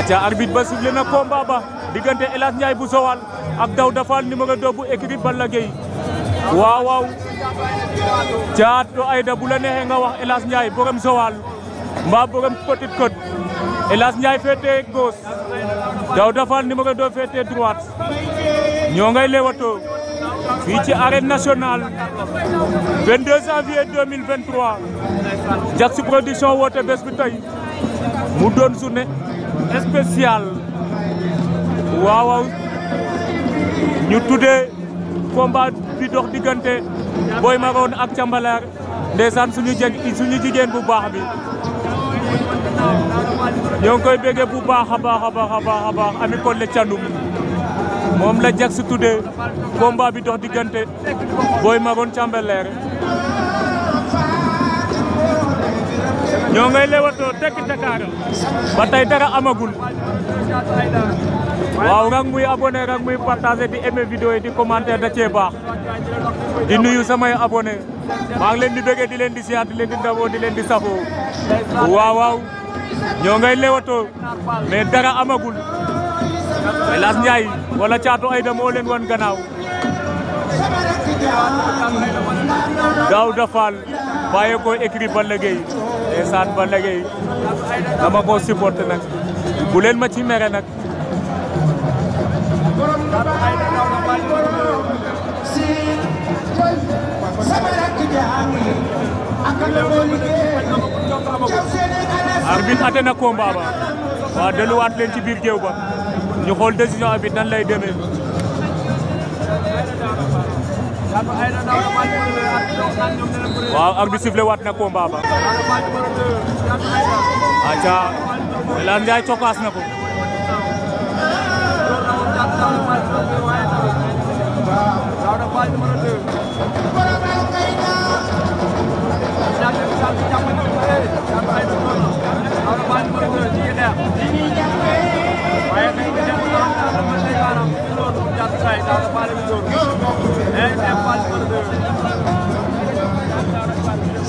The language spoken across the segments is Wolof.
aca arbitre ba sifflé na combat ba diggante El Hadj bu Joal ak Daouda Fall numéro bu écurie Balla Gaye caat to ayda bu la neexee nga wax El Hadj borom Joal mbaa borom Petite Côte El Hadj Ndiaye féete gauche Daouda Fall numéro 2 féete droite ñoo ngay lewato fii ci arène nationale 22 janvier 2023 woote bés bi tey mu doon spécial waaw ñu tuddee combat bi dox diggante Boy Maroon ak Cambalaar ndeysaan suñu jeg suñu jigéen bu baax bi ñoo ngi koy béggee bu baax a baax a baax a moom la jag si tuddee combat bi dox diggante Boy Maroon Cambalaar ñoo ngay lewatoo tekki takaara ba tey dara amagul waaw rang muy abonné rang muy partagé di aimé vidéo di commentaire da cee di nuyu samay abonné maa ngi leen di bëggee di leen di siyaat di leen di ndawoo di leen di safoo waaw waaw ñoo ngay lewatoo mais dara amagul Elas Ndiaye wala Thiatou Aïda moo wan gannaaw Daouda Fall bàyyi ko écrit ba ऐसा बन गए नमक बहुत सपोर्ट नक बुलेन मछी मेरे नक अरबी खाते नको बाबा डलू आठ लेन ची बीर के ऊपर जो होल डेसी जो अभी नल लाइट में आप waaw ak bi sifflé na combat ba aca Elhadj Ndiaye cokaas na ko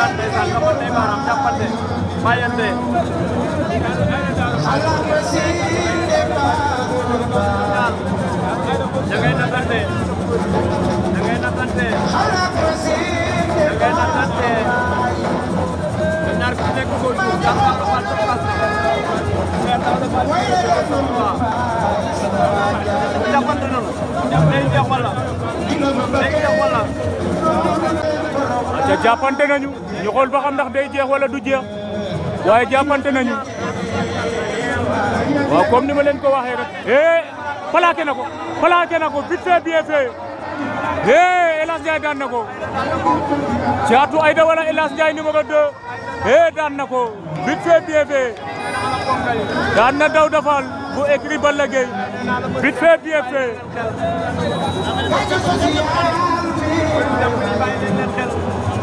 kontaan ndeysaan xamante baaraam jàppante bàyyante da ngay natante da ngay natante da ngay natante ñaar ku nekk góor ñu da nga ko fal ko fal jàppante noonu day jeex wala jàppante nañu ñu xool ba xam ndax day jeex wala du jeex waaye jàppante nañu waaw comme ni ma leen ko waxee rek. eh plaqué na ko plaqué na ko vite fait bien fait eh El Hadj Ndiaye daan na ko Thiatou Aïda wala El Hadj Ndiaye numéro 2 eh daan na ko vite fait bien fait daan na Daouda Fall bu écrit Balla Gaye vite fait bien fait.